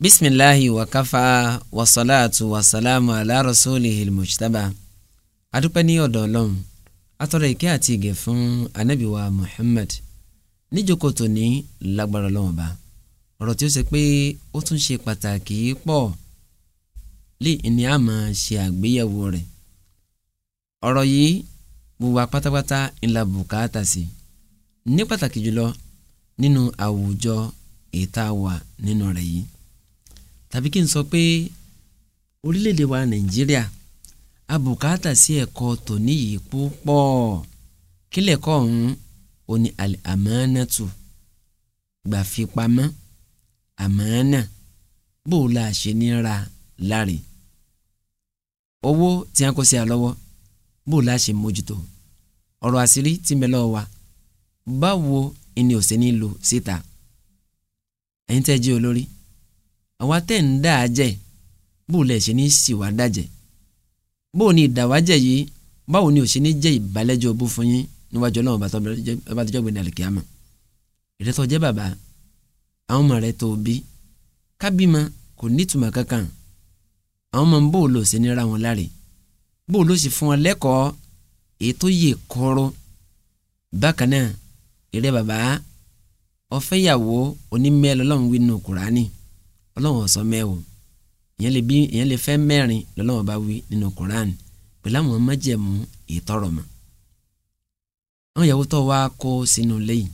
bisimilahi wakafa wasalaatu wasalaamu ala rasulihi mujtaba adúpẹ́ ní ọ̀dọ̀ ọlọ́run atọ́rọ ìkẹ́ àti ìgẹ̀ fún anabiwa muhammad níjókòó tòní lágbára ọlọ́run ọba ọ̀rọ̀ tí ó ṣe pé ó tún ṣe pàtàkì pọ̀ lè ní a máa ṣe àgbéyẹ̀wò rẹ̀ ọ̀rọ̀ yìí gbogbo apátápátá ńlá bùkátà sí ní pàtàkì jùlọ nínú àwùjọ ètà wà nínú rẹ̀ yìí tàbí kí n sọ pé orílẹ̀-èdè wa nàìjíríà abùkátà sí ẹ̀kọ́ tòní yìí púpọ̀ kílẹ̀ kọ́ ọ̀hún òní àmánàtù gbàfipamọ́ àmánà bó o la ṣe ní láre owó tí a kó sí a bó o la mójútó ọ̀rọ̀ àṣírí tí ń wa báwo ni o ṣe ní lò síta ẹ̀yin tẹ́ jẹ́ olórí àwa tẹ̀ ń dá a jẹ bó lẹ̀ ṣe ní sì wá dájẹ́ bó ní ìdáwájẹ́ yìí báwo ni ò ṣe ní jẹ́ ìbálẹ́jọ́ bó fún yín níwájú ọlọ́run bá tọ́jọ́ gbẹ̀dẹ̀ àlùkí àmọ́ ìrẹ́tọ́ jẹ́ bàbá àwọn ọmọ rẹ̀ tó bí kábímọ kò nítumọ̀ kankan àwọn ọmọ bó lò ṣe ní wọn láre bó ló sì fún ọ lẹ́kọ̀ọ́ èyí tó yè kóró bákan náà ìrẹ́ bàbá ọ̀fẹ́yàwó onímẹ́lọ́lọ́run wí nù kúránì ọlọ́wọ́n sọ mẹ́wò ìyẹn lè bí ìyẹn lè fẹ́ mẹ́rin lọ́lọ́wọ́n bá wí nínú Quran pẹ̀lú àwọn májẹ̀mú ìtọ́rọ̀ mọ́ àwọn ìyàwó tó wá kó sínú lẹ́yìn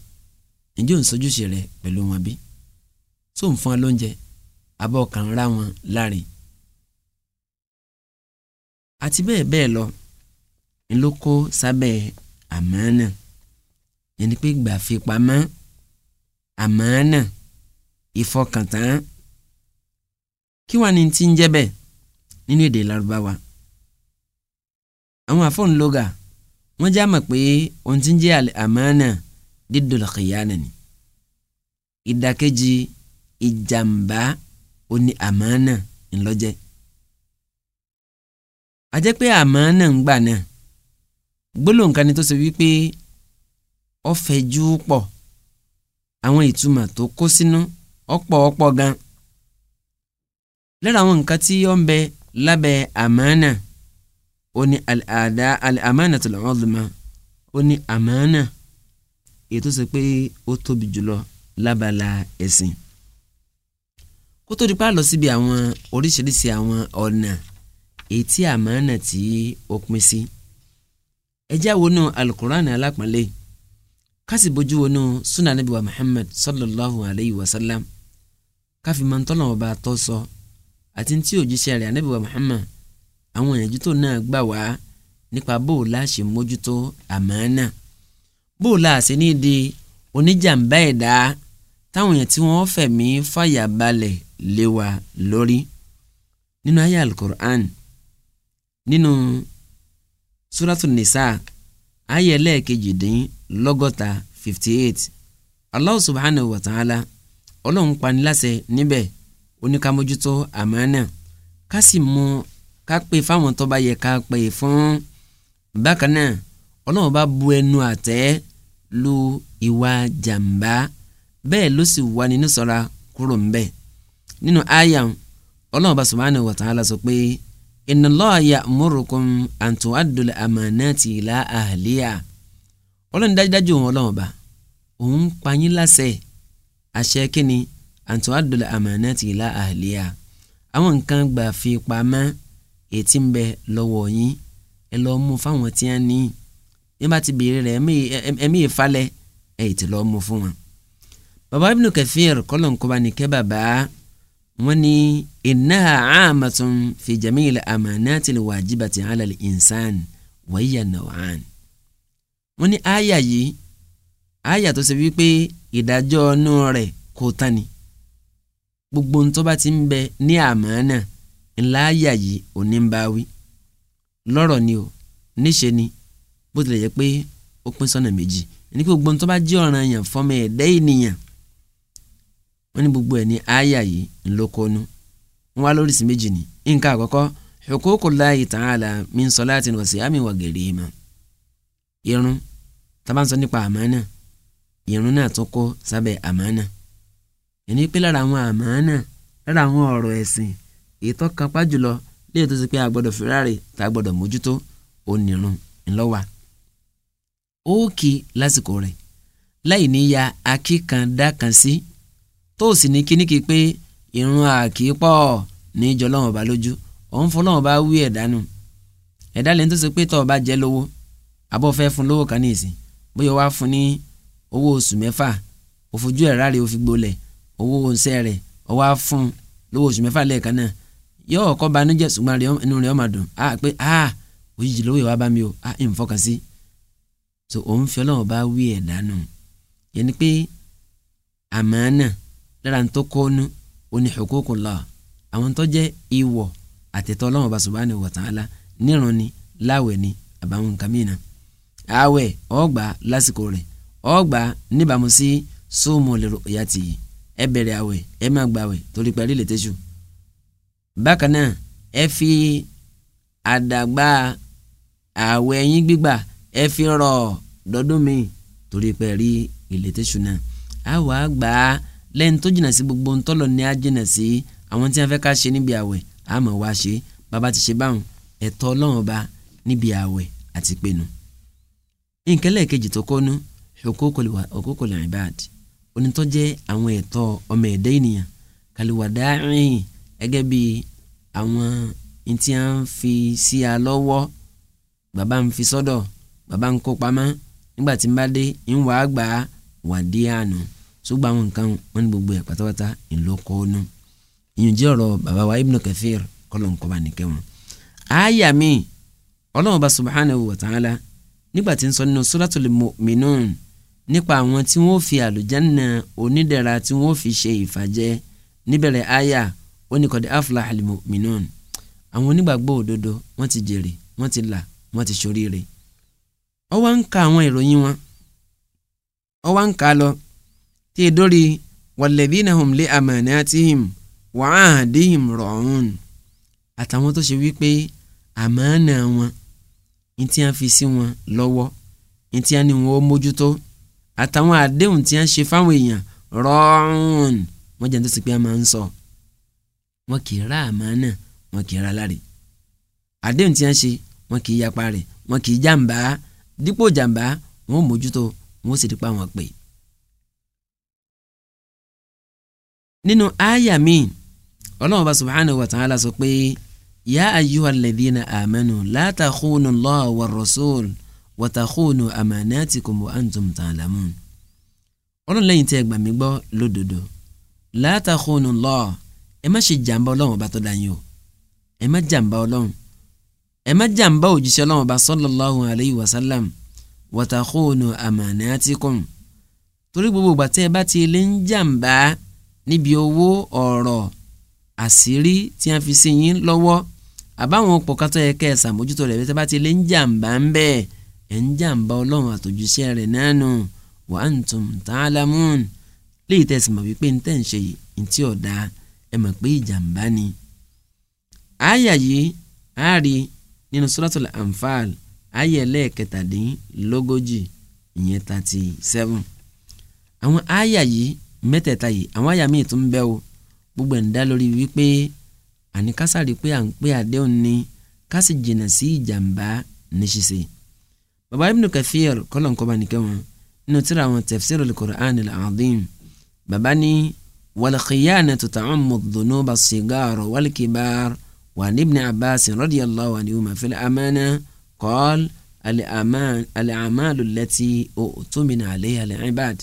ǹjẹ́ òun sojúṣe rẹ̀ pẹ̀lú wọn bí tó ń fún wọn abọ́ kan rá wọn láre àti bẹ́ẹ̀ bẹ́ẹ̀ lọ ló kó sábẹ́ àmánà yẹn ni pé gbà fi pamọ́ àmánà ìfọkàntán kí wàá ní ti ń jẹ́ bẹ́ẹ̀ nínú èdè Lárúbáwá àwọn àfọ̀nlógà wọ́n já mọ̀ pé ohun tí ń jẹ́ àmánà dídòlò kìyànà ni ìdàkejì ìjàmbá oní àmánà ńlọ́jẹ́ àjẹ́ pé àmánà ń gbà náà gbólóǹkà ni tó ṣe wípé ọ̀fẹ́jú pọ̀ àwọn ìtumọ̀ tó kó sínú ọ̀pọ̀ ọ̀pọ̀ gan lára àwọn nǹkan tí ó ń bẹ lábẹ́ àmánà ó ní àdá àmánà tó lọ́wọ́ lọ́mọ ó ní àmánà èyí tó ṣe pé ó tóbi jùlọ lábala ẹ̀sìn kó tó di pa lọ síbi àwọn oríṣiríṣi àwọn ọ̀nà èyí tí tí ó pín sí ẹ já alukur'an alápọ̀nlé kásì bójú wọnú sunan nabi wa muhammad sallallahu alayhi wa sallam káfí máa ọba tó sọ. So àti tí òjíṣẹ́ rẹ̀ anábìwá Muhammad àwọn ìyànjú tó náà gbà wá nípa bóò láṣẹ mójútó àmánà bóò láṣẹ ní di oníjàmbá ẹ̀dá táwọn èèyàn tí wọ́n fẹ̀mí fàyà balẹ̀ lé wa lórí nínú ayé alukur'an nínú suratu nisa ayé ẹlẹ́ẹ̀kejìdínlọ́gọ́ta fifty eight Allah subhanahu wa ta'ala ọlọ́run pani láṣẹ níbẹ̀ oníkàmójútó àmánà ká sì mú ká pè fáwọn tó bá yẹ ká pè fún bákan náà ọlọ́run bá bu ẹnu àtẹ́ lu ìwà jàǹbá bẹ́ẹ̀ ló sì wà nínú sọ́ra kúrò ń bẹ̀ nínú àyà ọlọ́run bá subhanahu wa ta'ala sọ pé inna Allaha ya'murukum an tu'addul amanati ila ahliha ọlọ́run dájúdájú òun ọlọ́run bá òun pa yín láṣẹ àṣẹ kínni àti wàdùlẹ̀ àmàna ti ilá àhàlíyà àwọn nǹkan gbà fi pamọ́ ètí ń bẹ lọ́wọ́ yín ẹ lọ́ọ́ mú fáwọn tí wọ́n ní yín bá ti béèrè rẹ̀ ẹ̀mí ìfalẹ̀ ẹ̀ ètí lọ́ọ́ mú fún wọn. bàbá Ibn Kathir kọ́lọ̀nkọ́ba ní kẹ́ bàbá wọn ní innaha aamatun fi jami'il amanati al-wajibati ala al-insan wa hiya naw'an. wọ́n ní àyà yìí àyà tó ṣe wípé ìdájọ́ ọ̀nù rẹ̀ kò tán gbogbo ohun tó bá ti ń bẹ ní àmánà ńlá àyà yìí òní ń bá wí lọ́rọ̀ ni o níṣe ni bó tilẹ̀ yẹ pé ó pín sọ́nà méjì ní gbogbo ohun tó ọ̀ràn yàn fọ́mọ ẹ̀dá ènìyàn wọ́n ní gbogbo ẹ̀ ní àyà yìí ńlọ́kọ́nú wọ́n wá lóríṣìí méjì ni nǹkan àkọ́kọ́ huququllahi ta'ala min salatin wa siyamin wa gharima irun tá a bá ń sọ nípa àmánà irun náà tó kó sábẹ́ àmánà ẹni pé lára àwọn àmánà lára àwọn ọ̀rọ̀ ẹ̀sìn ètò kan pa jùlọ léyìí tó ti pé agbọ́dọ̀ fìràrè tá a gbọ́dọ̀ mójútó onírun ńlọ́wà. ó kì í lásìkò rẹ̀ láì ní ya akíkandá kan sí tó sì ní kíníkì pé ìrun àkípọ̀ níjọ lọ́wọ́n bá lójú òun fún lọ́wọ́n bá wí ẹ̀dá nù ẹ̀dá lẹ́ni tó ti pé tọ́ọ̀ bá jẹ́ lówó abọ́ fẹ́ fún lówó kan ní ìsìn bóyá wàá fún ní owó oṣù mẹ́fà òfojú ẹ̀ ráre òfin gbolẹ̀ owó iṣẹ́ rẹ̀ ọwọ́ á fún lówó oṣù mẹ́fà lẹ́ẹ̀kan náà yóò kọ́ banújẹ́ ṣùgbọ́n inú rẹ̀ ọmọ dùn á pé á òjijì lówó ìwà bá mi o á ń fọkàn sí so òun fi ọlọ́wọ́ bá wí ẹ̀ dànù yẹn ni pé àmánà lára ń tó kọ́nu oní huququllah àwọn tó jẹ́ ìwọ̀ àtẹ̀tọ́ ọlọ́wọ́ bá subhanahu wa ta'ala nírun ni láwẹ̀ ni àbáwọn nǹkan mìíràn àwẹ̀ ọgbà lásìkò rẹ̀ ọgbà níbàámu sí sóòmù lèrò ìyá tìyí ẹ bẹ̀rẹ̀ àwẹ̀ ẹ máa gbàwẹ̀ torí parí lè tẹ́sù bákan náà ẹ fi àdàgbà àwẹ̀ yín gbígbà ẹ fi rọ̀ dọ́dún mi torí parí ilé tẹ́sù náà a wà á gbà á lẹ́yìn tó jìnnà sí gbogbo ntọ́lọ̀ ní a jìnnà sí àwọn tí wọ́n fẹ́ ká ṣe níbi àwẹ̀ a wá ṣe bàbá ti ṣe báwọn ẹ̀tọ́ ọlọ́run ọba níbi àwẹ̀ àti pinnu. nkẹ́lẹ́ kejì tó kọ́nu huququl ibad onítọ́jẹ́ àwọn ẹ̀tọ́ ọmọ ẹ̀dá ènìyàn kàlùwàdá rìn gẹ́gẹ́ bí àwọn ntí à ń fi sí a lọ́wọ́ bàbá ń fi sọ́dọ̀ bàbá ń kó pamọ́ nígbà tí n bá dé ń wà á gbà á wà dé àná ṣùgbọ́n àwọn nǹkan wọn ní gbogbo ẹ̀ pátápátá ńlọ ọ́nà ìyẹn ọ̀rọ̀ bàbá wa Ibn Kathir kọ́lọ̀ ń kọ́ba nìkẹ́ wọn. àyà mi Ọlọ́run bá subhanahu wa ta'ala nígbà tí ń sọ nínú Suratul Mu'minun nípa àwọn tí wọ́n fi àlùjáná onídẹ̀ra tí wọ́n fi ṣe ìfàjẹ́ níbẹ̀rẹ̀ àyà oníkọ̀dé aflahal mu'minun àwọn onígbàgbọ́ òdodo wọ́n ti jèrè wọ́n ti là wọ́n ti ṣoríire ó wá ń ka àwọn ìròyìn wọn ó wá ń ka lọ tí ìdórí e walladhina hum li amanatihim wa ahdihim ra'un àtàwọn tó ṣe wípé àmánà wọn ní tí a fi sí wọn lọ́wọ́ ní tí a ní wọn mójútó àtàwọn àdéhùn tí wọ́n ṣe fáwọn èèyàn rọ́ọ̀n wọ́n jẹ́ ní tó sì pé a máa ń sọ wọn kì í ra àmánà wọn kì í ra láre àdéhùn tí wọ́n ṣe wọn kì í yapa rẹ̀ wọn kì í jàǹbá dípò jàǹbá wọn ò mójútó wọn ò sì dípa wọn pè. nínú àyà mi ọlọ́run bá subhanahu wa ta'ala sọ pé yá ayyuhal ladhina amanu la takhunu Allaha war rasul watakhunu amanatikum wa antum ta'lamun. ọlọ́run lẹ́yìn tí ẹ gbà mí gbọ́ lódodo la takhunu Allah ẹ má ṣe jàǹbá ọlọ́run ọba tó dá yín o ẹ má jàǹbá ọlọ́run ẹ má jàǹbá òjíṣẹ́ ọlọ́run ọba sallallahu alayhi wa sallam watakhunu amanatikum torí gbogbo ìgbà tẹ́ ẹ bá ti lè ń jàǹbá níbi owó ọ̀rọ̀ àṣírí tí a fi sí yín lọ́wọ́ àbáwọn pọ̀kátọ́ yẹ kẹ́ ẹ ṣàmójútó rẹ̀ bí tẹ́ bá ti lè ń jàǹbá ń bẹ́ẹ̀ ẹ̀ ń jàǹbá ọlọ́run àtòjúṣe rẹ̀ nánú wa antum ta'lamun léyìí tẹ̀sí mọ̀ wípé ń tẹ̀ ń ṣe ìtì ọ̀dà ẹ̀ mọ̀ pé ìjàǹbá ni. àyà yìí á rí nínú suratul anfal àyà ẹlẹ́ẹ̀kẹtàdínlógójì ìyẹn thirty seven. àwọn àyà yìí mẹ́tẹ̀ẹ̀ta yìí àwọn àyà míì tún ń bẹ o gbogbo ẹ̀ ń dá lórí wípé àní kásárì pé à ń pé àdéhùn ni ká sì jìnnà sí ìjàǹbá ní ṣíṣe baba ibn kathir kọlọ̀n kọ́ba nìkẹ́ wọn nínú tíra wọn tafsirul qur'an al-azim baba ní wal khiyanatu ta'ammu dhunuba as-sigar wal kibar wa ibn abbas radiyallahu anhuma fil amana qala al-a'malu allati u'tumina 'alayha al-'ibad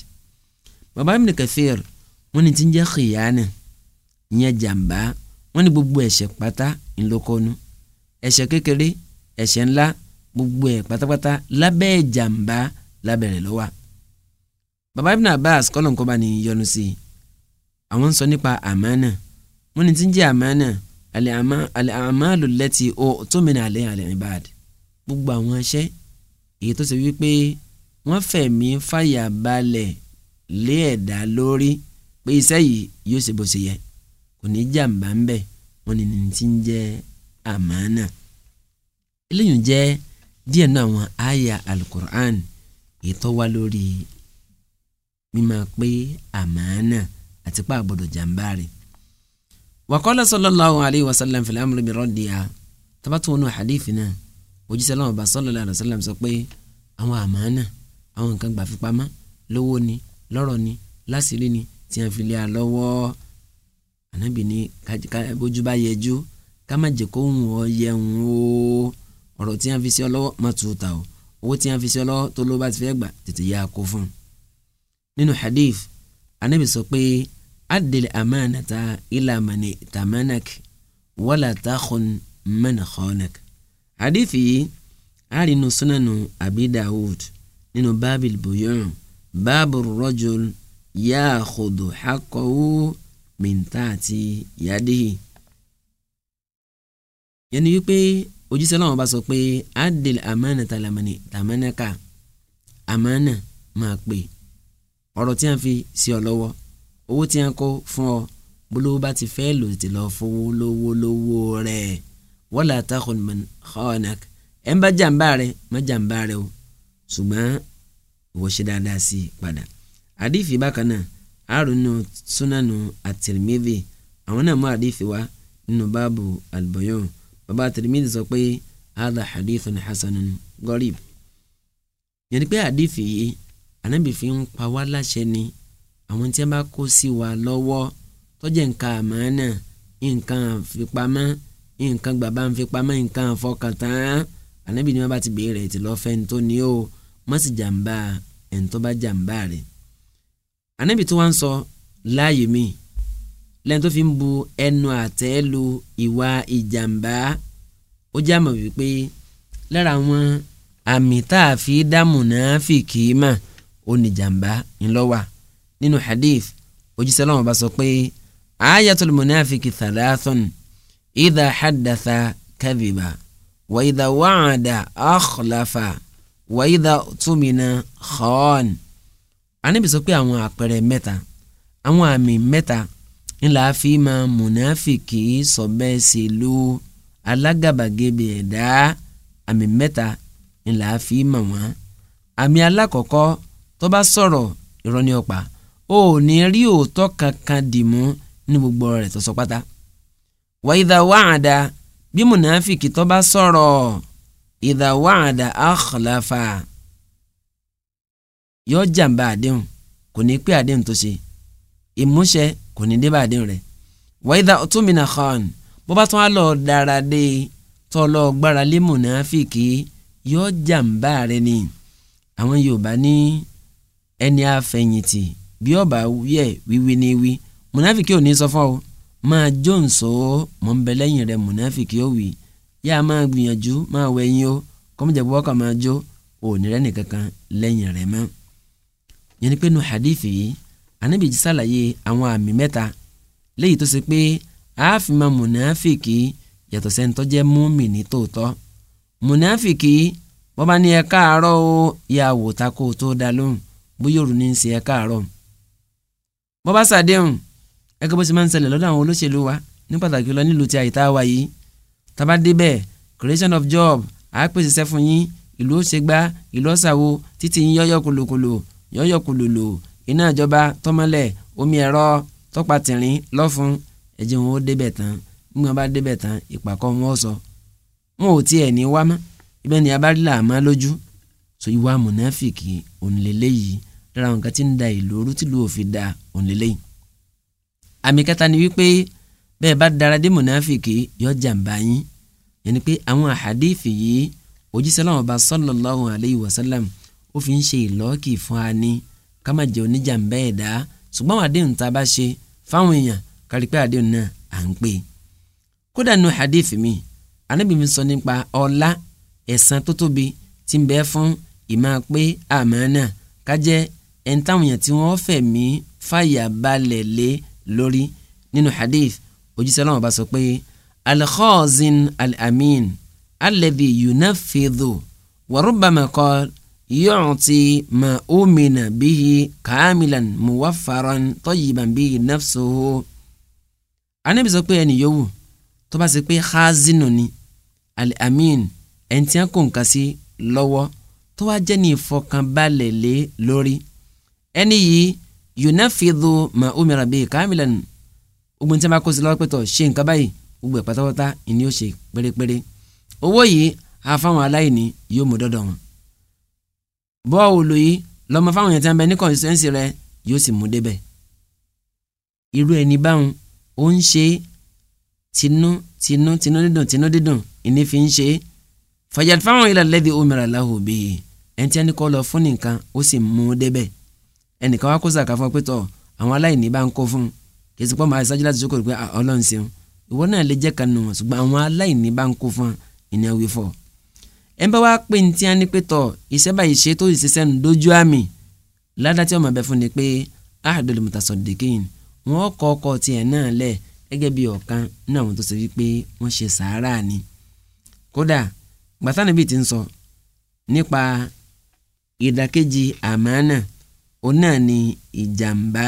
baba ibn kathir wọ́n ní ti ń jẹ́ khiyana ìyẹn jàmbá wọ́n ní gbogbo ẹ̀ṣẹ̀ pátá ńlọkọ́nu ẹ̀ṣẹ̀ kékeré ẹ̀ṣẹ̀ gbogbo ẹ̀ pátápátá lábẹ́ ìjàmbá lábẹ́rẹ̀ lọ́wọ́ baba ibn abbas kọ́lọ̀ nǹkan bá ní yọnu sí i àwọn ń sọ nípa àmánà wọ́n ní tí ń jẹ́ àmánà àlẹ́ àmánà lẹ́tì ó tó mìíràn àlẹ́ àlẹ́ ìbáàd gbogbo àwọn aṣẹ́ èyí tó ṣe wípé wọ́n fẹ̀mí fàyà balẹ̀ lé ẹ̀dá lórí pé iṣẹ́ yìí yóò ṣe bó ṣe yẹ kò ní jàǹbá ń bẹ̀ wọ́n ní tí ń jẹ́ àmánà eléyìí jẹ́ díẹ̀ náà àwọn àyà alukur'an ètò wa lórí mímọ pé àmàánà àti pa àgbọ̀dọ̀ jàǹbá rẹ̀ wàkọ́lá sallallahu alayhi wa sallam fìlà amúlẹ̀ mi rọ́ọ̀dì à tabatu wọnú àdìfì náà òjíṣẹ́ lọ́wọ́ bá sallallahu alayhi wa sallam sọ pé àwọn àmàánà àwọn nǹkan gbà fi pamọ́ lówó ni lọ́rọ̀ ni lásìrí ni tí a fi lé a lọ́wọ́ ànábì ni bójú bá yẹjú ká má jẹ́ kó ń wọ́ yẹun o ọ̀rọ̀ tí wọ́n fi sí ọ lọ́wọ́ má tu ta o owó tí wọ́n fi sí ọ lọ́wọ́ tó ló bá ti fẹ́ gbà tètè yá a kó fún un. nínú hadith anabi sọ pé adil amanata ila mani tamanak wala takhun man khanak. hadith yìí àrínú sunanu abi dawud nínú bábìl buyun báàbù rọ́jòl ya'khudhu haqqahu min taati yadihi. yẹn ni wípé òjíṣẹ́ lọ́wọ́ bá sọ pé adil amana talamani tamanaka amana máa pè ọ̀rọ̀ tí a fi sí ọ lọ́wọ́ owó tí a kó fún ọ bólówó bá ti fẹ́ lò ti lọ fowó lówó lówó rẹ̀ wala takhun man khanak ẹ̀ ń bá jàǹbá rẹ̀ má jàǹbá rẹ̀ o ṣùgbọ́n ìwọ ṣe dáadáa sí i padà àdìfì bákan náà àrùnú súnánù àtìrìmẹ́bì àwọn náà mú àdìfì wá nínú báàbù àlùbọ̀yọ̀n bàbá Tirmidhi sọ pé hadha hadithun hasanun gharib yẹn ni pé àdìfì yìí ànábì fi ń pa wá láṣẹ ni àwọn tí wọ́n bá kó sí wa lọ́wọ́ tọ́jẹ́ nǹkan àmánà nǹkan àfipamọ́ nǹkan gbàgbà àfipamọ́ nǹkan àfọkàntán ànábì ni wọ́n bá ti béèrè ti lọ́ọ́ fẹ́ tó ní o má sì jàǹbá ẹ̀ ń tó bá jàǹbá rẹ̀ ànábì tó wá ń sọ láàyè míì lẹ́yìn tó fi ń bu ẹnu àtẹ́ lu ìwà ìjàmbá ó já mọ̀ wípé lára àwọn àmì tá a fi dá mùnáfìkì mà oníjàmbá ńlọ́wà nínú hadith òjíṣẹ́ Ọlọ́hun bá sọ pé ayatul munafiki thalathun idha haddatha kadhiba wa idha wa'ada akhlafa wa idha tumina khan. Ànábì sọ pé àwọn àpẹẹrẹ mẹ́ta àwọn àmì mẹ́ta ńlá fi máa mùnáfìkì sọ̀bẹ́ sí lu alágàbàgebè ẹ̀dá àmì mẹ́ta ńlá fi mọ̀ wọ́n. àmì alákọ̀ọ́kọ́ tó bá sọ̀rọ̀ irọ́ ní ọ̀pá ó ní rí òótọ́ kankan dì mú ní gbogbo rẹ̀ tó sọ pátá. wàyídà wàhádà bí mùnáfìkì tó bá sọ̀rọ̀ ìdà wàhádà àkàlàfà yọ jàǹbá àdéhùn kò ní pé àdéhùn tó ṣe ìmúṣẹ kò ní dé bàdé rẹ̀ wáyídà ọ̀túnmínà khan bó bá tún á lọ dára dé tọ́ lọ gbára lé mùnáfíkì yọ jàǹbá rẹ̀ ni àwọn Yorùbá ní ẹni àfẹ̀yìntì bí ọba yẹ wíwí ní wí mùnáfíkì ò ní sọ fún ọ máa jóǹsó mọ̀ ń bẹ lẹ́yìn rẹ̀ mùnáfíkì ó wì yá máa gbìyànjú máa wẹ̀yìn o kọ́mọ̀jẹ̀ bọ́ máa jó òní rẹ̀ nìkankan lẹ́yìn rẹ̀ mọ́ yẹn ni pé nu hadithi yìí anabi jí sàlàyé àwọn àmì mẹ́ta léyìí tó ṣe pé àáfin ma mùnàfìkì yàtọ̀ sẹ́ńtọ́ jẹ́ mùmínì tòótọ́ mùnàfìkì wọ́n bá ní ẹ káàárọ̀ o yà wò ta kó o tó da lóhùn bóyá òru ní í ṣe ẹ káàárọ̀ bọ́ bá ṣàdéhùn ẹgbẹ́ bó ṣe máa ń ṣẹlẹ̀ lọ́dọ̀ àwọn olóṣèlú wa ní pàtàkì lọ nílùú ti àyíká wa yìí tábà débẹ̀ creation of job àápèsè sẹ́fún yín ìlú ó ṣe gbá ìlú ọ̀ṣàwò títí yín yọ́yọ́ kòlòkòlò yọ́yọ́ kòlòlò iná ìjọba tọ́mọ́lẹ̀ omi ẹ̀rọ tọ́patìrín lọ́fun ẹ̀jẹ̀ wọn ó débẹ̀ tán bí wọn bá débẹ̀ tán ìpàkọ́ wọn ó sọ wọn ò tiẹ̀ ní wá mọ́ ibẹ̀ ni abárílà àmọ́ lójú so ìwà mùnáfìkì òǹlẹ̀lẹ̀ yìí lára àwọn kan ti ń da ìlú orú tìlú òfin da òǹlẹ̀lẹ̀ yìí àmì kẹta ni wípé bẹ́ẹ̀ bá dara dé mùnáfìkì yọ jàǹbá yín yẹnni pé àwọn àhàdífì yìí òjíṣẹ́ láwọn ọba sallallahu alayhi wa sallam ó fi ń ṣe ìlọ́ọ̀kì fún ani ká má jẹ́ oníjà ń bẹ́ẹ̀ dá ṣùgbọ́n àwọn àdéhùn tá a bá ṣe fáwọn èèyàn kárí pé àdéhùn náà à ń pè é. kódà nu hadith mi anábì mi sọ nípa ọlá ẹ̀san tó tóbi tí ń bẹ fún ìmọ̀ pé àmánà ká jẹ́ ẹni táwọn èèyàn tí wọ́n fẹ̀ mí fàyà balẹ̀ lé lórí nínú hadith òjíṣẹ́ ọlọ́run bá sọ pé al-khazin al-amin alladhi yunafidhu يعطي ما أمن به كاملا موفرا طيبا به نفسه Ànábì sọ pé ẹni yòówù tó bá ṣe pé khazinu ni al-amin ẹni tí wọ́n kó nǹkan sí lọ́wọ́ tó wá jẹ́ ní ìfọkànbalẹ̀ lé lórí ẹni yìí yunafidhu ma umira bihi kamilan ogun tí wọ́n bá kó sí lọ́wọ́ pẹ̀tọ̀ ṣe nǹkan báyìí gbogbo ẹ̀ pátápátá ni yóò ṣe pérépéré owó yìí àfáwọn aláìní yóò mú dọ́dọ̀ wọn bọ́ọ̀lù lòyí lọ́mọ fáwọn èèyàn tí wọ́n bẹ ní kọ̀ǹsẹ́ǹsì rẹ yóò sì mú débẹ̀ irú ẹni báwọn ó ń ṣe tinú tinú tinú dídùn tinú dídùn ìní fi ń ṣe fàjàdì fáwọn ilà lẹ́dí omira láhùn bíi ẹni tí ẹni kọ́ lọ fún nìkan ó sì mú un débẹ̀ ẹnìkan wá kó sàkà fún ọ pé tọ́ àwọn aláìní bá ń kó fún un kì í sọ pé màá ṣáájú láti ṣókòrò pé ah, ọlọ́run ṣeun ìwọ náà lè jẹ́ kan ṣùgbọ́n àwọn aláìní bá ń kó fún un ìní àwí ẹ bá wá pé ní tíyan ní pé tọ iṣẹ́ báyìí ṣe tó ìṣiṣẹ́ nù dójú àmì ládàá tí ọmọ bẹ fún ni pé ahadul mutasaddiqin wọn kọ ọkọ tiẹ̀ náà lẹ̀ gẹ́gẹ́ bí ọ̀kan náà wọn tó ṣe wípé wọ́n ṣe sàárà ni kódà gbàtánà bíi ti ń sọ nípa ìdàkejì àmánà òun náà ni ìjàmbá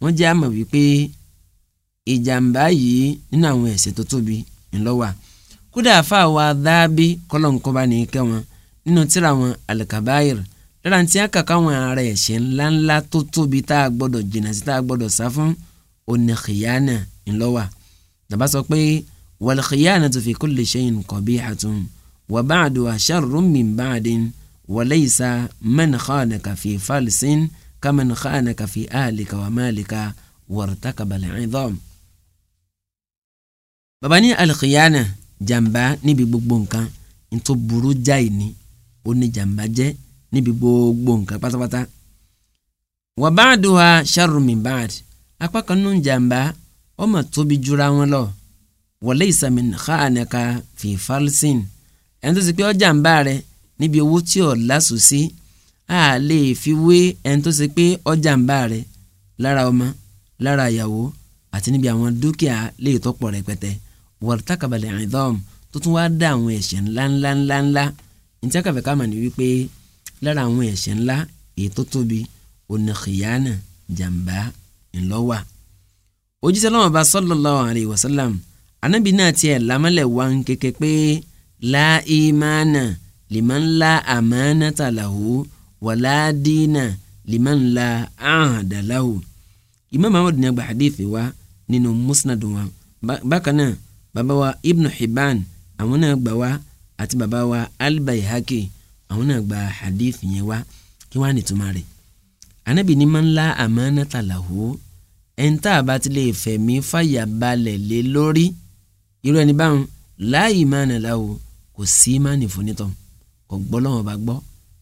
wọ́n jẹ́ àmọ̀ wípé ìjàmbá yìí nínú àwọn ẹ̀ṣẹ̀ tó tóbi ńlọ́wà kódà afa wa dábí kọlọ̀nkọba ní ike wọn nínú tíra wọn alikabayir lára tí a kàkà wọn ara ẹ̀ṣẹ̀ ńláńlá tó tóbi tá a gbọ́dọ̀ jìnnà sí tá a gbọ́dọ̀ sá fún oníkìyànà ńlọ́wà bàbá sọ pé wàlìkìyànà tó fi kulli shay'in qabihatun wa ba'duha sharrun min ba'din wa laysa man khanaka fi falsin kaman khanaka fi ahlika wa malika wartakaba al-'idham. bàbá ní alìkìyànà jàǹbá níbi gbogbo nǹkan ntó burú jáì ni ó ní jàǹbá jẹ́ níbi gbogbo nǹkan pátápátá. wà bá a dùn ha sharumi bad apá kan nù jàǹbá ó mà tóbi jura wọn lọ wọlé ìsàmì xaanaka fi falsin ẹni tó ti pé ó jàǹbá rẹ níbi owó tí ò lásù sí a lè fi wé ẹni tó ti pé ó jàǹbá rẹ lára ọmọ lára ìyàwó àti níbi àwọn dúkìá lè tọ́pọ̀ rẹpẹtẹ wọ̀rọ̀tàkàbàlẹ̀ àìdọ́m tó tún wáá dá àwọn ẹ̀ṣẹ̀ ńláńlá ńláńlá ntí akàfẹ́ káàmà ni wípé lára àwọn ẹ̀ṣẹ̀ ńlá èyí tó tóbi oníkìyànà jàǹbá ńlọ́wà. òjíṣẹ́ lọ́wọ́ bá sallallahu alayhi wa sallam anábì náà tiẹ̀ lámọ́lẹ̀ wá ń kéke pé la imana liman la amanata lahu wala dina liman la ahada lahu. Imam Ahmad ní agba hadithi wa nínú musnad wa bákan náà bàbá wa ibnu hibban àwọn náà gbà wá àti bàbá wa albayhaki àwọn náà gba hadith yẹn wá kí wọ́n á nìtumọ̀ rẹ̀ anabi ni máa ń la àmánátà làwọ̀ ẹ̀ńtà bá ti lè fẹ̀mí fàyà balẹ̀ lé lórí irú ẹni báwọn láàyè ìmánà làwọ̀ kò sí ìmánì fún nítọ̀ kò gbọ́ lọ́wọ́ bá gbọ́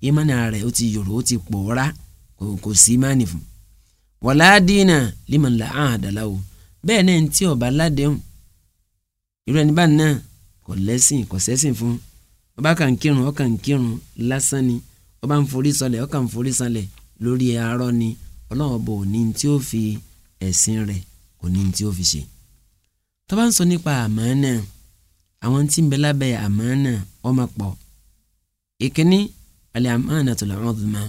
ìmánì ara ó ti yòrò ó ti pòórá kò sí ìmánì fún wàlá dínà liman la àhàdà làwọ̀ bẹ́ẹ̀ náà ń tí ọ̀bá ládéhùn irú ẹni báyìí náà kò lẹ́sìn kò sẹ́sìn fún ọba kàn kírun ọkàn kírun lásán ni ọba ń forí sọlẹ̀ ọkàn ń forí sọlẹ̀ lórí arọ́ ni ọlọ́wọ́ bò ní tí ó fi ẹ̀sìn rẹ̀ kò ní tí ó fi ṣe. tó bá ń sọ nípa àmánà àwọn tí ń bẹ lábẹ́ àmánà ọmọ pọ̀ ìkíní alẹ́ àmánà tó lọ́rùn ọ̀dùnmá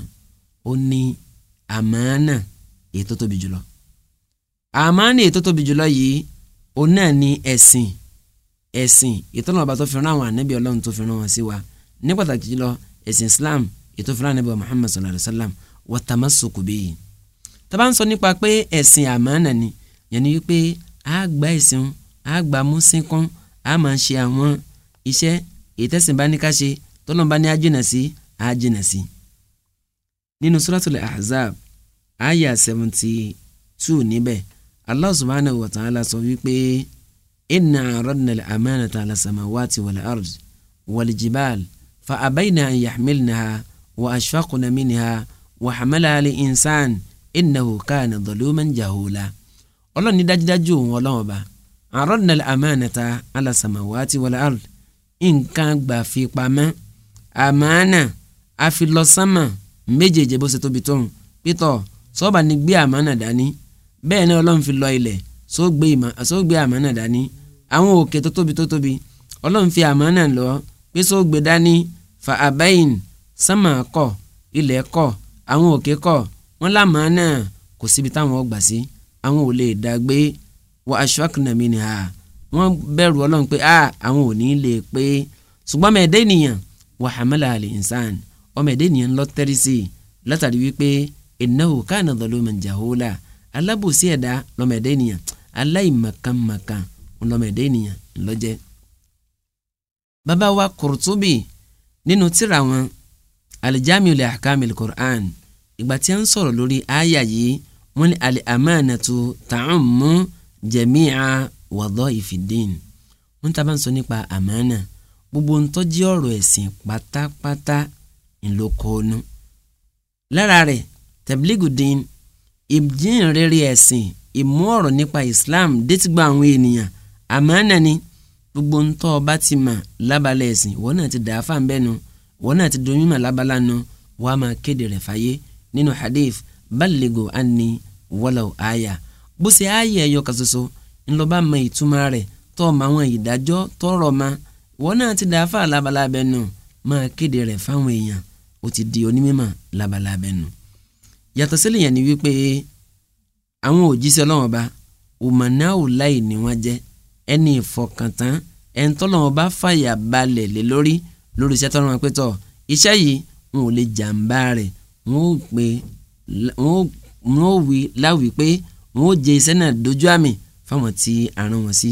ó ní àmánà èyí tó tóbi jùlọ àmánà èyí tó tóbi jùlọ yìí òun náà ní ẹ̀sìn ẹ̀sìn ìtọ́nà ọba tó fi rán àwọn ànábì ọlọ́run tó fi rán wọn sí wa ní pàtàkì jùlọ ẹ̀sìn Islam ètò fúnra ànábì Muhammad sallallahu alayhi wa sallam wa tamassuku bihi tábà ń sọ nípa pé ẹ̀sìn àmánà ni yẹn ni wípé a gba ẹ̀sìn a gba músínkún a máa ṣe àwọn iṣẹ́ ìtẹ̀sìn bá ní ká ṣe tọ́nà bá ní a jìnà sí a jìnà sí. nínú suratul Ahzab aya seventy two níbẹ̀ Allah subhanahu wa ta'ala sọ wípé. So inna aradna al-amanata ala samawati wal ard wal jibal fa abayna an yahmilnaha wa ashfaqna minha wa hamalaha al-insan innahu kana zaluman jahula ọlọ́run ní dájúdájú òun ọlọ́run ọba aradna al-amanata ala samawati wal ard nǹkan gbà fi pamọ́ àmàna àfilọ́sánmà méjèèjì bó ṣe tóbi tóun pétọ́ sọ́ọ̀bà ni gbé dání bẹ́ẹ̀ ni ọlọ́run fi lọ sóògbé àmánà dání àwọn òkè tó tóbi tó tóbi ọlọ́run fi àmánà lọ pé sóògbé dání fa abayin sánmà kọ̀ ilẹ̀ kọ̀ àwọn òkè kọ̀ wọ́n lámánà kò síbi táwọn ọgbà sí àwọn ò lè dàgbé wọ aṣọ àkànnàmí ni ha wọ́n bẹ̀rù ọlọ́run pé àwọn ò ní lè pé ṣùgbọ́n mẹ́ẹ̀dẹ́ ènìyàn wàhámàlà àlè ìsàn ọmọ ẹ̀dẹ́ ènìyàn lọ tẹ́rí sí i látàrí wípé innahu kana zaluman jahula alábòsí ẹ̀dá lọ́mọ ẹ̀dẹ́ ènìyàn aláìmọ̀kànmọ̀kàn ńlọmọdé ènìyàn ńlọjẹ. bàbá wa Qurtubi nínú tírà wọn alijamiu li ahkamil Qur'an ìgbà tí a ń sọ̀rọ̀ lórí àyà yìí wọ́n ní al-amanatu ta'ummu jami'a wadha'ifi ddin wọ́n ta bá ń sọ nípa àmàna gbogbo ń tọ́jú ọ̀rọ̀ ẹ̀sìn pátápátá ńlọkọ́ọ́nù lára rẹ̀ tabligu ddin ìjínrere ẹ̀sìn ìmú ọ̀rọ̀ nípa Islam détígbà àwọn ènìyàn àmánà ni gbogbo ntọ́ ọba ti mà lábalẹ̀ ẹ̀sìn wọ́n náà ti dà á fà ń bẹ́nu wọ́n náà ti dùn mímọ̀ lábala nu wọ́n á máa kéde rẹ̀ fàyè nínú hadith balẹ̀gò àní wọ́lọ̀ àyà bó ṣe ààyè ẹ̀yọ kan ṣoṣo ńlọba mọ ìtumọ̀ rẹ̀ tọ́ ọmọ àwọn ìdájọ́ tọrọ ma wọ́n náà ti dà á fà lábala bẹ́nu máa kéde rẹ̀ fáwọn èèyàn ó ti di onímọ̀ lábala bẹ́nu yàtọ̀ sílẹ̀ yẹn ni wípé àwọn òjíṣẹ́ ọlọ́wọ́n ba òmànà òláì ni wọ́n jẹ́ ẹni ìfọkàntán ẹni tọ́lọ́wọ́n bá fàyà balẹ̀ lé lórí lórí iṣẹ́ tọ́lọ́wọ́n pé tọ́ iṣẹ́ yìí wọn ò lè jàǹbá rẹ̀ wọn ò wí láwìí pé wọn ò jẹ iṣẹ́ náà dojú àmì fáwọn tí àrùn wọn sí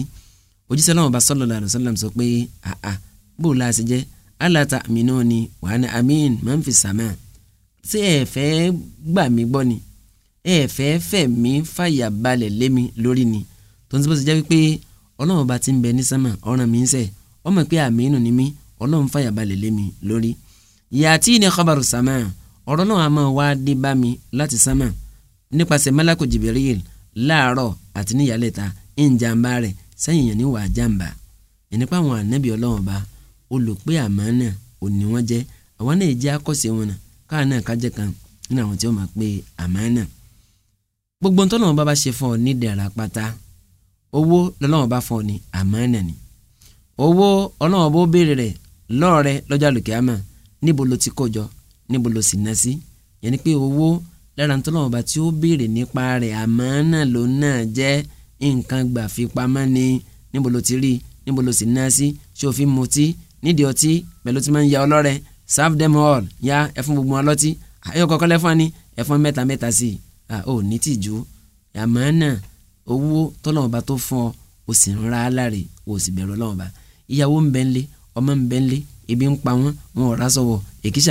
òjíṣẹ́ ọlọ́wọ́n ba sallallahu alaihi wasallam sọ pé àà bó o láti jẹ́ aláta àmì náà ni wàhánà àmín máa ń fi sàmà ṣé ẹ fẹ́ gbà mí gbọ́ ni ẹ fẹ́ fẹ́ mi fàyà balẹ̀ lé mi lórí ni tó ń sọ bó ti jẹ́ wípé ọlọ́run bá ti ń bẹ ní sánmà ọ̀ràn mi ń sẹ̀ ọmọ pé àmínú ni mí ọlọ́run fàyà balẹ̀ lé mi lórí. yàtí ni khabaru sánmà ọ̀rọ̀ náà a máa wá dé bá mi láti sánmà nípasẹ̀ malako jibiril láàárọ̀ àti níyàlẹ́ta ìjàmbá rẹ̀ sẹ́yìn yẹn ní wàá jàmbá ìnípa àwọn ànábì ọlọ́run bá olùpẹ́ àmánà òní wọ́n jẹ́ àwọn náà jẹ́ akọ́ṣe wọn náà káà náà kájẹ́ kan nínú àwọn tí ó máa pé àmánà gbogbo ntọ́ lọ́wọ́ bá bá ṣe fún ọ ní dẹ̀ra pátá owó lọ́wọ́ bá fún ọ ní àmánà ni owó ọlọ́wọ́ bó béèrè rẹ̀ lọ́ọ̀rẹ́ lọ́jọ́ àlùkìyámà níbo ló ti kó níbo ló sì ná sí yẹn ni pé owó lára ntọ́ lọ́wọ́ bá tí ó béèrè nípa rẹ̀ àmánà ló náà jẹ́ nǹkan gbà fi pamọ́ ni níbo ló ti rí níbo ló sì ná sí ṣé o fi mutí nídìí ọtí pẹ̀lú tí máa ń ya ọlọ́rẹ̀ serve them all ya ẹfun gbogbo wọn lọ́tí ayọ̀kọ̀kọ́lẹ́fọ́n ni ẹfun mẹ́ta mẹ́ta sí i ò ní tìjú àmọ́ náà owó tọ́lọ́mọba tó fún ọ o sì ń ra aláre o sì bẹ̀rù ọlọ́mọba ìyàwó ń bẹ ńlé ọmọ ń bẹ ńlé ebi ń pa wọn wọn ò rásọ wọ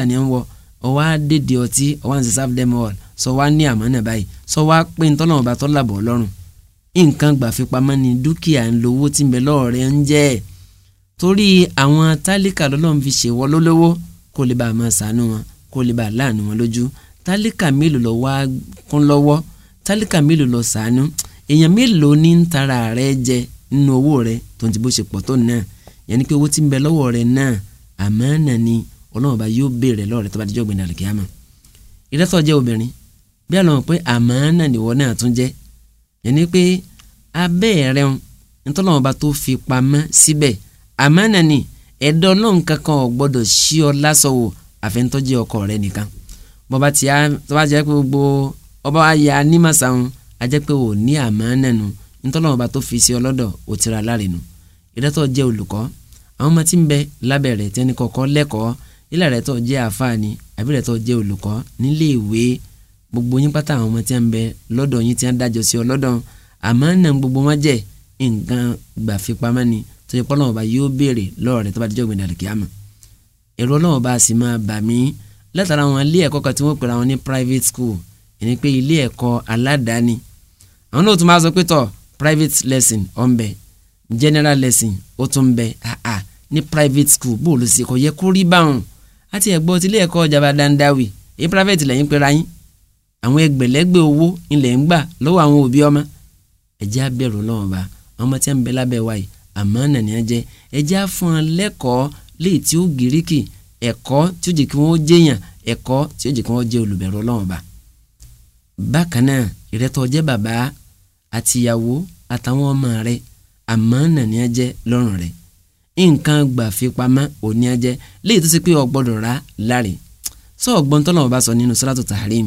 ni ń wọ ọwọ́ àdèdè ọtí ọwọ́ àǹsẹ̀ sáfù dẹ́mu ọ̀l sọ wá ní àmọ́ náà báyìí sọ wá pé ń tọ́lọ́mọba tó làbọ̀ ọlọ́run nǹkan gbàfipamọ́ ni dúkìá ń lówó tí ń bẹ lọ́ọ̀rẹ́ ń jẹ́ ẹ̀ torí àwọn tálíkà lọ́lọ́run fi ṣèwọ́ lólówó kó lè bá a máa wọn kó lè bá láàánú wọn lójú tálíkà mélòó lọ wá kún lọ́wọ́ tálíkà mélòó lọ sànú èèyàn mélòó ní ń tara rẹ jẹ nínú owó rẹ tó ń ti bó ṣe pọ̀ tó náà yẹn ni pé owó tí ń bẹ lọ́wọ́ rẹ náà àmánà ni ọlọ́run ọba yóò béèrè lọ́wọ́ rẹ tó bá dijọ́ gbẹ̀dẹ̀ àlùkìyàmọ̀ ìrẹ́tọ̀ jẹ́ obìnrin bí a lọ mọ̀ pé àmánà nìwọ náà tún jẹ́ yẹn ni pé abẹ́ rẹ ntọ́lọ́wọ́n ọba tó fi pamọ́ síbẹ̀ àmánà ni ẹ̀dọ́ náà kankan ò ṣí ọ lásọ̀wọ̀ àfẹ́ntọ́jẹ́ ọkọ rẹ nìkan bọ́ba ti á tọ́ba jẹ́ pé gbogbo ọba ya a ajẹ́ pé ò ní àmọ́ nẹ̀nu ntọ́lọ́wọ́n ọba tó fi sí ọlọ́dọ̀ ò ti ra láre nu ìdẹ́tọ̀ jẹ́ olùkọ́ àwọn ọmọ tí ń bẹ lábẹ́ rẹ̀ tẹ́ni kọ̀ọ̀kọ́ lẹ́kọ̀ọ́ ilẹ̀ rẹ̀ tọ́ jẹ́ àfáàní àbí rẹ̀ tọ́ jẹ́ olùkọ́ nílé ìwé gbogbo yín pátá àwọn ọmọ tí ń bẹ lọ́dọ̀ yín tí ń dájọ́ sí ọlọ́dọ̀ àmọ́ náà gbogbo wọn jẹ́ nǹkan gbà ni tó yẹ pé yóò béèrè lọ́rọ̀ tó bá dijọ́ gbẹ̀dẹ̀ àlùkìyàmù èrò Ọlọ́run ọba sì máa bà mí látara àwọn ilé ẹ̀kọ́ kan tí wọ́n pèrè àwọn ní private school ẹni pé ilé ẹ̀kọ́ aládàáni àwọn náà tún máa sọ pé tọ̀ private lesson ọ̀nbẹ general lesson ó tún bẹ àà ní private school bóòlù sí kò yẹ kó rí báwọn àti ẹ̀gbọ́n ti ilé ẹ̀kọ́ ìjọba dandawi èyí private lẹ́yìn pera yín àwọn ẹgbẹ̀lẹ́gbẹ̀ owó ilẹ̀ ń gbà lọ́wọ́ àwọn òbí ọmọ ẹ̀jẹ̀ abẹ́rù lọ́wọ́ bá ọmọ tí ń bẹ lábẹ́ wáyé àmọ́ nàníyàn jẹ́ ẹ̀jẹ̀ á fún ọ lẹ́kọ̀ọ́ léè tí ó gíríkì ẹ̀kọ́ tí ó jẹ́ kí wọ́n jẹ́yàn ẹ̀kọ́ tí ó jẹ́ kí wọ́n jẹ́ olùbẹ̀rù Ọlọ́run ba bákan náà ìrẹ́tọ̀ jẹ́ bàbá àtìyàwó àtàwọn ọmọ rẹ̀ àmọ́ nàní ẹ jẹ́ lọ́rùn rẹ̀ nǹkan gbà fi pamọ́ òní ẹ jẹ́ léyìí tó ti pé ọgbọ́dọ̀ rà láre sọ ọgbọ́n tọ́lọ́ ọba sọ nínú Suratu Tahrim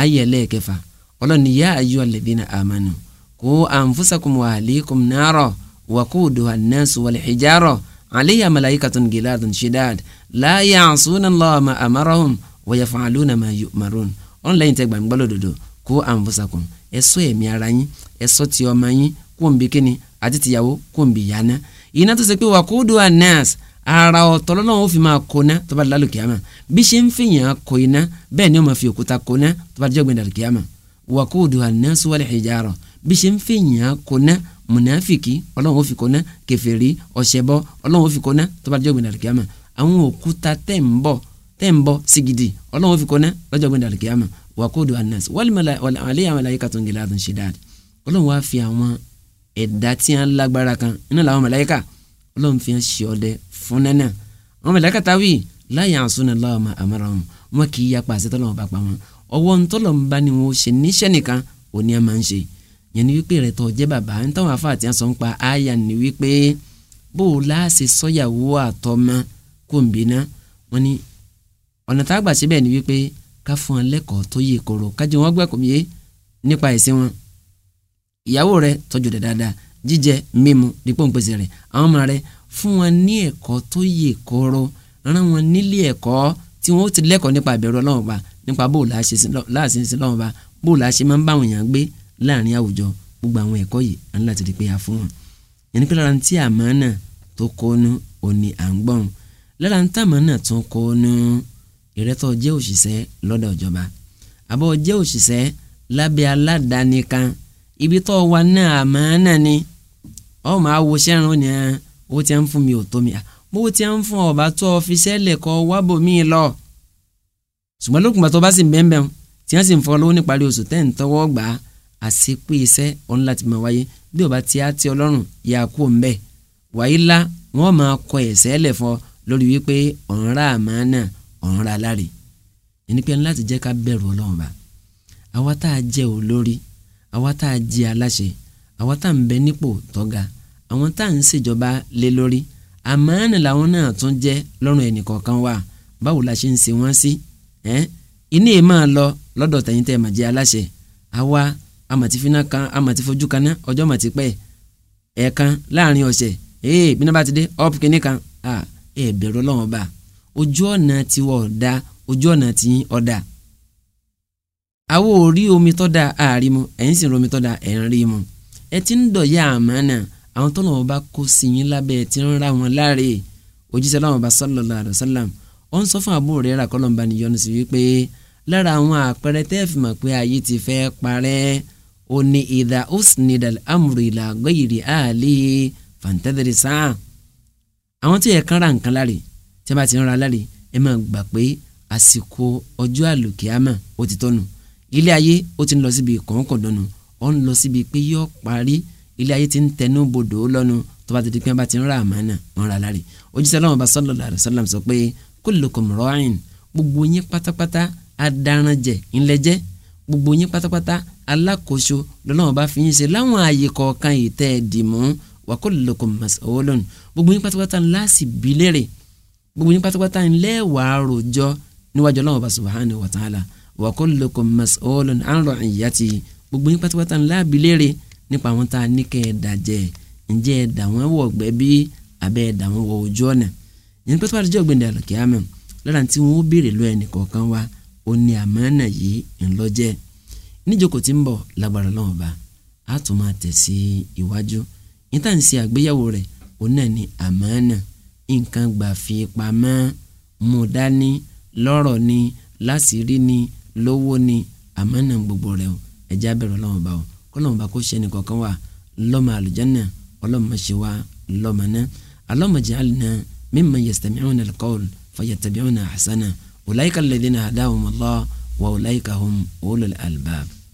ayé ẹlẹ́ẹ̀kẹfà ọlọ́ni àléyà malaikatun giladun shidad la ya'suna Allaha ma amarahum wa yaf'aluna ma yu'marun ọ̀n lẹ́yìn tẹ́ gbàgbọ́ lódodo kó anfusakum ẹ ṣọ́ ẹ̀mí ara yín ẹ ṣọ́ ti ọmọ yín kó ń bi kíni àti tìyàwó kó ń bi yàná iná tó ṣe pé waqudu an-nas ara ọ̀tọ̀ lọ́nà ó fi máa kóná tó bá dá lùkìyàmà bí ṣe ń fìyàn kó iná bẹ́ẹ̀ ni ó máa fi òkúta kóná tó bá dá jọ́gbìn dàlùkìyàmà waqudu an-nas wal hijara bí ṣe ń fìyàn kóná mùnàfìkì ọlọ́run ó fi kóná kẹfẹ́rí ọ̀ṣẹ́bọ ọlọ́run ó fi kóná tó bá jẹ́ ògbìn dàlùkìyàmà àwọn òkúta tẹ̀ ń sigidi ọlọ́run ó fi kóná lọ́jọ́ ògbìn dàlùkìyàmà wàkóòdù anas wàlímàlà àwọn mẹlẹka ta wí láyà àsúná lọ́wọ́ ma àmọ́ra wọn wọn kì í yapa àṣetọ́lọ́wọ́ bá pa wọn ọwọ́ ntọ́lọ́mbá ni wọn ò ṣe níṣẹ́ nìkan òní ẹ̀ máa ń ṣe yẹn ni wípé rẹ̀ tọ́ jẹ́ bàbá ń táwọn afáàtì yẹn sọ ń pa àyà ni wípé bó o láàṣẹ sọ́yàwó àtọ́mọ kò ń bínú wọn ni ọ̀nà tá a gbà síbẹ̀ ni wípé ká fún wọn lẹ́kọ̀ọ́ tó yẹ kóró kájọ wọn gbẹ́kọ̀ọ́ yé nípa ẹ̀sìn wọn ìyàwó rẹ̀ tọ́jú rẹ̀ dáadáa jíjẹ mímu dípò ń pèsè rẹ̀ àwọn ọmọ rẹ̀ fún wọn ní ẹ̀kọ́ tó yẹ kóró rán wọn nílé ẹ̀kọ́ tí wọn ó ti lẹ́kọ̀ọ́ nípa ìbẹ̀rù Ọlọ́run ba nípa bóòlù àṣẹ sí Ọlọ́run ba bóòlù àṣẹ máa ń bá èèyàn gbé láàrin àwùjọ gbogbo àwọn ẹ̀kọ́ yìí à ń láti rí pé a fún wọn yẹn ni pé lára tí àmánà tó kọ́nu òní à ń gbọ́n lára tí àmánà tó kọ́nu ìrẹ́tọ̀ jẹ́ òṣìṣẹ́ lọ́dọ̀ ìjọba àbọ̀ jẹ́ òṣìṣẹ́ lábẹ́ aládàáni kan ibi tó wà náà àmánà ni ọ máa wo sẹ́run ni owó tí a ń fún mi ò tó mi bówó tí a ń fún ọba tó ọfiṣẹ́ lẹ̀kọ́ wábò mí lọ ṣùgbọ́n lókùnbà tó bá sì ń bẹ́ẹ̀ bẹ́ẹ̀ tí wọ́n sì ń fọ́ lówó níparí oṣù tẹ́ ń tọwọ́ gbàá àsìkò iṣẹ́ òun láti máa wáyé bí o bá ti á ti ọlọ́run yà kú mbẹ́ wàyí la wọ́n máa kọ ẹ̀sẹ̀ lẹ̀ fọ lórí wípé ọ̀hún ra àmánà ọ̀hún ra láre ẹni pé láti jẹ́ ká bẹ̀rù ọlọ́run bá àwa tá a jẹ́ olórí àwa tá a jẹ́ aláṣẹ àwa tá a bẹ nípò tọ́ga àwọn tá à ń ṣèjọba lé lórí àmánà làwọn náà tún jẹ́ lọ́rùn ẹnìkọ̀ọ̀kan wa báwo la ṣe ń ṣe wọ́n sí ẹ́ iná ẹ̀ máa lọ lọ́dọ̀ tẹ̀yìntẹ̀ màjẹ́ aláṣẹ àwa amàtí fínà kan amàtí fojú kaná ọjọ́ màtí pẹ́ ẹ̀ẹ̀kan láàrin ọ̀sẹ̀ ee bí náà bá ti dé up kìíní kan ẹ̀ bẹ̀rù ọlọ́run ọba ojú ọ̀nà tiwọ̀ ọ̀dà ojú ọ̀nà tiyín ọ̀dà àwo ò omi tọ́ da àárí mu ẹ̀yin sì ń romi tọ́ da ẹ̀ ń rí mu ẹ ti ń dọ̀yà àmánà àwọn tọ́nà wọn bá kó sí yín lábẹ́ ẹ ti ń ra wọn láre òjíṣẹ́ láwọn bá sallallahu alaihi wasallam ó ń sọ fún àbúrò rẹ̀ ràkọ́lọ́mbà níyọnu sí wípé lára àwọn àpẹẹrẹ tẹ́ẹ̀fì mọ̀ pé ayé ti fẹ́ parẹ́ ó ní ìdá usnidal amru ila ghayri alihi fantadiri sáà àwọn tí yẹ kán ra nǹkan láre tí a bá ti ń ra láre ẹ máa gbà pé àsìkò ọjọ́ àlùkìyàmà ó ti tọ́nu ilé ayé ó ti ń lọ síbi kọ̀ọ̀kọ̀dọ̀nù ó ń lọ síbi pé yọ parí ilé ayé ti ń tẹnu bodò lọ́nu tó bá ti di pé bá ti ń ra àmàna wọn ra láre òjíṣẹ́ Ọlọ́hun bá sallallahu alaihi wasallam sọ pé kullukum ra'in gbogbo yín pátápátá adarànjẹ ńlẹ́jẹ́ gbogbo yín pátápátá alákòóso lọ́lọ́run bá fi yín ṣe láwọn ààyè kọ̀ọ̀kan yìí tẹ́ ẹ dì mú wa kullukum mas'ulun gbogbo yín pátápátá ńlá sì bí lérè gbogbo yín pátápátá ńlẹ́ wàá rojọ́ níwájú ọlọ́run bá subhanahu wa ta'ala wa kullukum mas'ulun an ra'iyyatihi gbogbo yín pátápátá ńlá bí lérè nípa àwọn tá a ní kẹ́ ẹ dàjẹ́ ǹjẹ́ ẹ dà wọ́n wọ̀ gbẹ́ bí abẹ́ ẹ dà wọ́n wọ ojú ọ̀nà yẹn pátápátá jẹ́ ògbìn dàlọ́ kíámẹ́ lára tí wọ́n béèrè lọ́ ẹnì kọ̀ọ̀kan wa òní àmánà yìí ńlọ́jẹ́ níjókòó tí ń bọ̀ lágbára lọ́wọ́ bá a tún máa tẹ̀ sí iwájú níta ń ṣe àgbéyẹ̀wò rẹ̀ òun náà ni àmánà nǹkan gbà fi pamọ́ mú dání lọ́rọ̀ ni láṣìírí ni lówó ni àmánà gbogbo rẹ̀ o ẹ̀já bẹ̀rẹ̀ lọ́wọ́ bá o kọ́lọ́mù bá kó ṣe ẹnì kọ̀ọ̀kan wà lọ́mọ àlùjánà ọlọ́mọ ṣe wá lọ́mọ náà alọ́mọ jẹ́ àlùná mimman yastami'una al-qawl fayattabi'una ahsana أولئك الذين هداهم الله وأولئك هم أولو الألباب